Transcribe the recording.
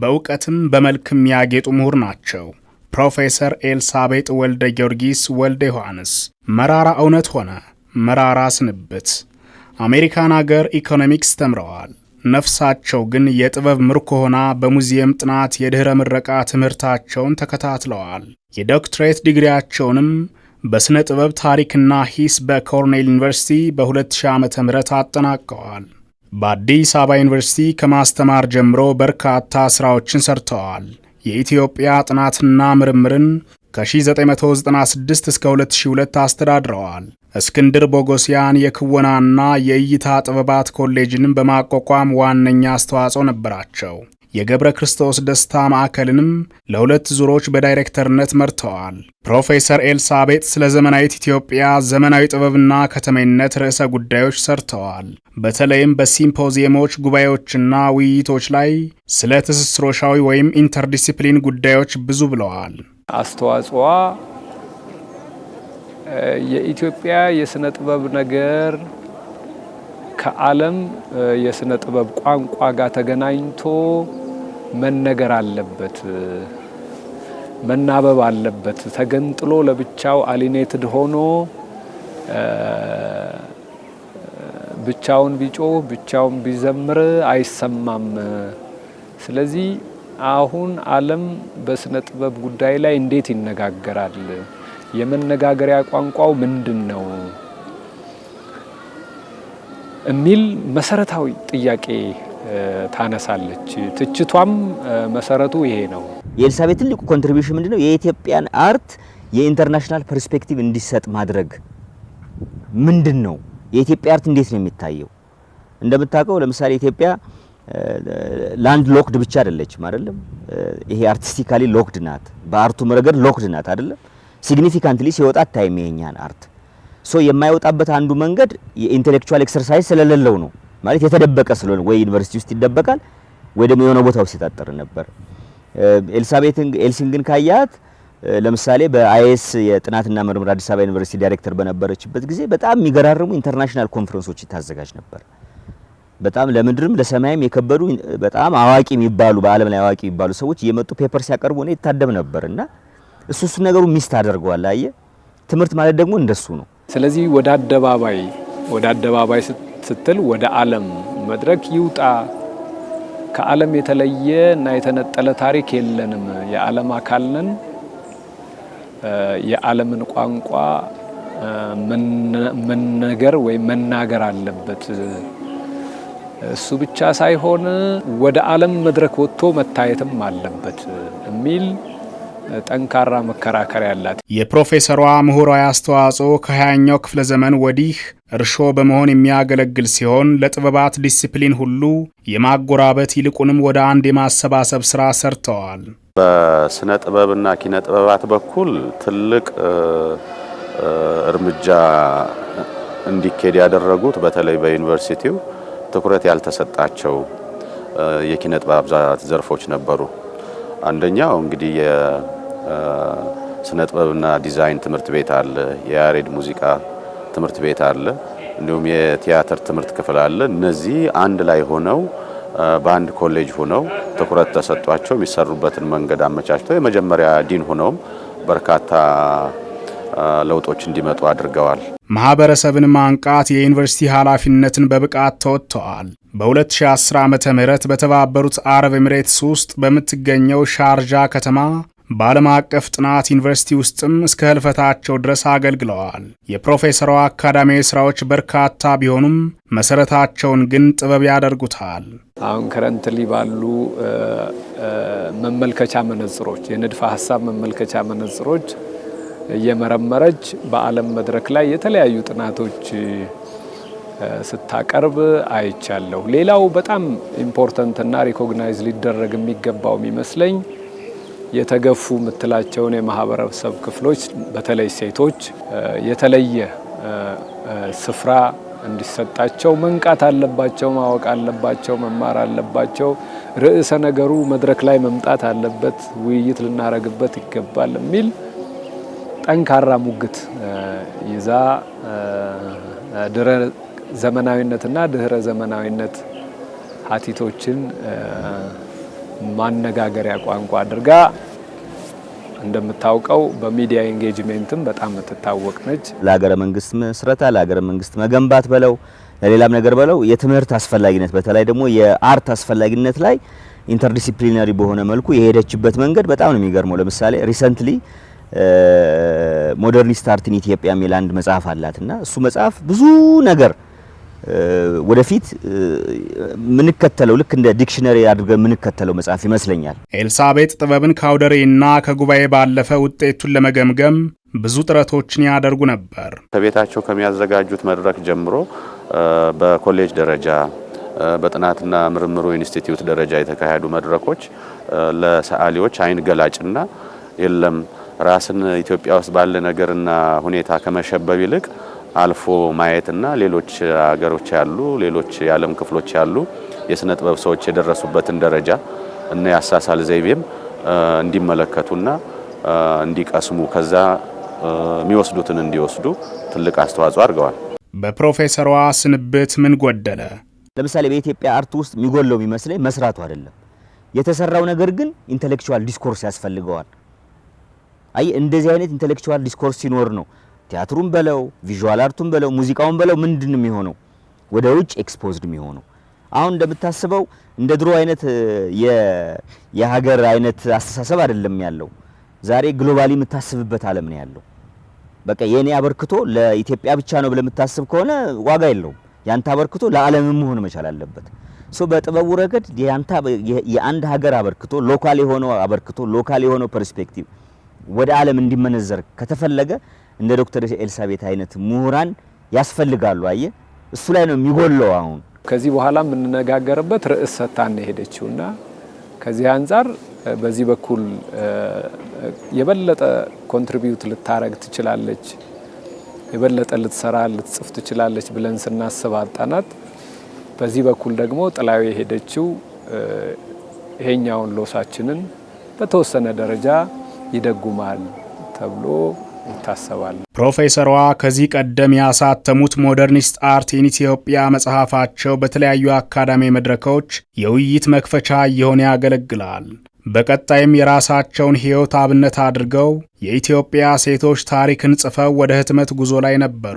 በእውቀትም በመልክም ያጌጡ ምሁር ናቸው። ፕሮፌሰር ኤልሳቤጥ ወልደ ጊዮርጊስ ወልደ ዮሐንስ መራራ እውነት ሆነ መራራ ስንብት አሜሪካን አገር ኢኮኖሚክስ ተምረዋል። ነፍሳቸው ግን የጥበብ ምርኮ ሆና በሙዚየም ጥናት የድኅረ ምረቃ ትምህርታቸውን ተከታትለዋል። የዶክትሬት ዲግሪያቸውንም በሥነ ጥበብ ታሪክና ሂስ በኮርኔል ዩኒቨርሲቲ በ2000 ዓ ም አጠናቀዋል። በአዲስ አበባ ዩኒቨርሲቲ ከማስተማር ጀምሮ በርካታ ስራዎችን ሰርተዋል። የኢትዮጵያ ጥናትና ምርምርን ከ1996 እስከ 2002 አስተዳድረዋል። እስክንድር ቦጎሲያን የክወናና የእይታ ጥበባት ኮሌጅንም በማቋቋም ዋነኛ አስተዋጽኦ ነበራቸው። የገብረ ክርስቶስ ደስታ ማዕከልንም ለሁለት ዙሮች በዳይሬክተርነት መርተዋል። ፕሮፌሰር ኤልሳቤጥ ስለ ዘመናዊት ኢትዮጵያ ዘመናዊ ጥበብና ከተሜነት ርዕሰ ጉዳዮች ሰርተዋል። በተለይም በሲምፖዚየሞች ጉባኤዎችና ውይይቶች ላይ ስለ ትስስሮሻዊ ወይም ኢንተርዲሲፕሊን ጉዳዮች ብዙ ብለዋል። አስተዋጽዋ የኢትዮጵያ የስነ ጥበብ ነገር ከዓለም የስነ ጥበብ ቋንቋ ጋር ተገናኝቶ መነገር አለበት፣ መናበብ አለበት። ተገንጥሎ ለብቻው አሊኔትድ ሆኖ ብቻውን ቢጮህ ብቻውን ቢዘምር አይሰማም። ስለዚህ አሁን ዓለም በስነ ጥበብ ጉዳይ ላይ እንዴት ይነጋገራል? የመነጋገሪያ ቋንቋው ምንድን ነው? የሚል መሰረታዊ ጥያቄ ታነሳለች። ትችቷም መሰረቱ ይሄ ነው። የኤልሳቤት ትልቁ ኮንትሪቢሽን ምንድነው? የኢትዮጵያን አርት የኢንተርናሽናል ፐርስፔክቲቭ እንዲሰጥ ማድረግ ምንድን ነው? የኢትዮጵያ አርት እንዴት ነው የሚታየው? እንደምታውቀው ለምሳሌ ኢትዮጵያ ላንድ ሎክድ ብቻ አይደለችም፣ አይደለም ይሄ አርቲስቲካሊ ሎክድ ናት፣ በአርቱ ረገድ ሎክድ ናት፣ አይደለም ሲግኒፊካንትሊ ሲወጣ ታይም የእኛን አርት ሶ የማይወጣበት አንዱ መንገድ የኢንቴሌክቹዋል ኤክሰርሳይዝ ስለሌለው ነው። ማለት የተደበቀ ስለሆነ ወይ ዩኒቨርሲቲ ውስጥ ይደበቃል ወይ ደግሞ የሆነ ቦታ ውስጥ ይታጠር ነበር። ኤልሳቤትን ኤልሲንግን ካያት ለምሳሌ በአይኤስ የጥናትና ምርምር አዲስ አበባ ዩኒቨርሲቲ ዳይሬክተር በነበረችበት ጊዜ በጣም የሚገራርሙ ኢንተርናሽናል ኮንፈረንሶች ታዘጋጅ ነበር። በጣም ለምድርም ለሰማይም የከበዱ በጣም አዋቂ የሚባሉ በዓለም ላይ አዋቂ የሚባሉ ሰዎች እየመጡ ፔፐር ሲያቀርቡ እኔ ይታደም ነበር እና እሱ እሱ ነገሩ ሚስት አደርገዋል። አየ ትምህርት ማለት ደግሞ እንደሱ ነው። ስለዚህ ወደ አደባባይ ወደ አደባባይ ስትል ወደ ዓለም መድረክ ይውጣ። ከዓለም የተለየ እና የተነጠለ ታሪክ የለንም። የዓለም አካል ነን። የዓለምን ቋንቋ መነገር ወይም መናገር አለበት። እሱ ብቻ ሳይሆን ወደ ዓለም መድረክ ወጥቶ መታየትም አለበት የሚል ጠንካራ መከራከሪያ ያላት የፕሮፌሰሯ ምሁራዊ አስተዋጽኦ ከሀያኛው ክፍለ ዘመን ወዲህ እርሾ በመሆን የሚያገለግል ሲሆን ለጥበባት ዲሲፕሊን ሁሉ የማጎራበት ይልቁንም ወደ አንድ የማሰባሰብ ስራ ሰርተዋል። በስነ ጥበብና ኪነ ጥበባት በኩል ትልቅ እርምጃ እንዲኬድ ያደረጉት በተለይ በዩኒቨርሲቲው ትኩረት ያልተሰጣቸው የኪነ ጥበብ ዘርፎች ነበሩ። አንደኛው እንግዲህ የስነ ጥበብና ዲዛይን ትምህርት ቤት አለ። የያሬድ ሙዚቃ ትምህርት ቤት አለ፣ እንዲሁም የቲያትር ትምህርት ክፍል አለ። እነዚህ አንድ ላይ ሆነው በአንድ ኮሌጅ ሆነው ትኩረት ተሰጧቸው የሚሰሩበትን መንገድ አመቻችተው የመጀመሪያ ዲን ሆነውም በርካታ ለውጦች እንዲመጡ አድርገዋል። ማህበረሰብን ማንቃት የዩኒቨርሲቲ ኃላፊነትን በብቃት ተወጥተዋል። በ2010 ዓ ም በተባበሩት አረብ ኤምሬትስ ውስጥ በምትገኘው ሻርጃ ከተማ በዓለም አቀፍ ጥናት ዩኒቨርሲቲ ውስጥም እስከ ህልፈታቸው ድረስ አገልግለዋል። የፕሮፌሰሯ አካዳሚያዊ ስራዎች በርካታ ቢሆኑም መሰረታቸውን ግን ጥበብ ያደርጉታል። አሁን ከረንትሊ ባሉ መመልከቻ መነጽሮች፣ የንድፈ ሀሳብ መመልከቻ መነጽሮች እየመረመረች በዓለም መድረክ ላይ የተለያዩ ጥናቶች ስታቀርብ አይቻለሁ። ሌላው በጣም ኢምፖርተንትና ሪኮግናይዝ ሊደረግ የሚገባው የሚመስለኝ የተገፉ የምትላቸውን የማህበረሰብ ክፍሎች በተለይ ሴቶች የተለየ ስፍራ እንዲሰጣቸው መንቃት አለባቸው፣ ማወቅ አለባቸው፣ መማር አለባቸው። ርዕሰ ነገሩ መድረክ ላይ መምጣት አለበት፣ ውይይት ልናረግበት ይገባል የሚል ጠንካራ ሙግት ይዛ ድረ ዘመናዊነትና ድህረ ዘመናዊነት ሀቲቶችን ማነጋገሪያ ቋንቋ አድርጋ እንደምታውቀው በሚዲያ ኢንጌጅመንትም በጣም የምትታወቅ ነች። ለሀገረ መንግስት ምስረታ ለሀገረ መንግስት መገንባት በለው ለሌላም ነገር በለው የትምህርት አስፈላጊነት በተለይ ደግሞ የአርት አስፈላጊነት ላይ ኢንተርዲሲፕሊናሪ በሆነ መልኩ የሄደችበት መንገድ በጣም ነው የሚገርመው። ለምሳሌ ሪሰንትሊ ሞደርኒስት አርት ኢን ኢትዮጵያ የሚል አንድ መጽሐፍ አላት እና እሱ መጽሐፍ ብዙ ነገር ወደፊት ምንከተለው ልክ እንደ ዲክሽነሪ አድርገን ምንከተለው መጽሐፍ ይመስለኛል። ኤልሳቤጥ ጥበብን ከአውደ ርዕይና ከጉባኤ ባለፈ ውጤቱን ለመገምገም ብዙ ጥረቶችን ያደርጉ ነበር። ከቤታቸው ከሚያዘጋጁት መድረክ ጀምሮ በኮሌጅ ደረጃ በጥናትና ምርምሩ ኢንስቲትዩት ደረጃ የተካሄዱ መድረኮች ለሰዓሊዎች አይን ገላጭና የለም ራስን ኢትዮጵያ ውስጥ ባለ ነገርና ሁኔታ ከመሸበብ ይልቅ አልፎ ማየትና ሌሎች ሀገሮች ያሉ ሌሎች የዓለም ክፍሎች ያሉ የስነ ጥበብ ሰዎች የደረሱበትን ደረጃ እና የአሳሳል ዘይቤም እንዲመለከቱና እንዲቀስሙ ከዛ የሚወስዱትን እንዲወስዱ ትልቅ አስተዋጽኦ አድርገዋል። በፕሮፌሰሯ ስንብት ምን ጎደለ? ለምሳሌ በኢትዮጵያ አርት ውስጥ የሚጎለው የሚመስለኝ መስራቱ አይደለም የተሰራው ነገር ግን ኢንተሌክቹዋል ዲስኮርስ ያስፈልገዋል። አይ እንደዚህ አይነት ኢንተሌክቹዋል ዲስኮርስ ሲኖር ነው ቲያትሩን በለው ቪዥዋል አርቱን በለው ሙዚቃውን በለው ምንድን ነው የሚሆነው? ወደ ውጭ ኤክስፖዝድ የሚሆነው አሁን እንደምታስበው እንደ ድሮ አይነት የሀገር አይነት አስተሳሰብ አይደለም ያለው። ዛሬ ግሎባሊ የምታስብበት ዓለም ነው ያለው። በቃ የኔ አበርክቶ ለኢትዮጵያ ብቻ ነው ብለምታስብ ከሆነ ዋጋ የለውም። ያንተ አበርክቶ ለዓለም መሆን መቻል አለበት። ሶ በጥበቡ ረገድ ያንተ የአንድ ሀገር አበርክቶ ሎካል የሆነው አበርክቶ ሎካል የሆነው ፐርስፔክቲቭ ወደ ዓለም እንዲመነዘር ከተፈለገ እንደ ዶክተር ኤልሳቤት አይነት ምሁራን ያስፈልጋሉ። አየ እሱ ላይ ነው የሚጎለው። አሁን ከዚህ በኋላ የምንነጋገርበት ርዕስ ሰታን የሄደችው እና ከዚህ አንጻር በዚህ በኩል የበለጠ ኮንትሪቢዩት ልታረግ ትችላለች፣ የበለጠ ልትሰራ ልትጽፍ ትችላለች ብለን ስናስብ አጣናት። በዚህ በኩል ደግሞ ጥላዊ የሄደችው ይሄኛውን ሎሳችንን በተወሰነ ደረጃ ይደጉማል ተብሎ ይታሰባል። ፕሮፌሰሯ ከዚህ ቀደም ያሳተሙት ሞደርኒስት አርት ኢን ኢትዮጵያ መጽሐፋቸው በተለያዩ አካዳሚ መድረኮች የውይይት መክፈቻ እየሆነ ያገለግላል። በቀጣይም የራሳቸውን ሕይወት አብነት አድርገው የኢትዮጵያ ሴቶች ታሪክን ጽፈው ወደ ህትመት ጉዞ ላይ ነበሩ።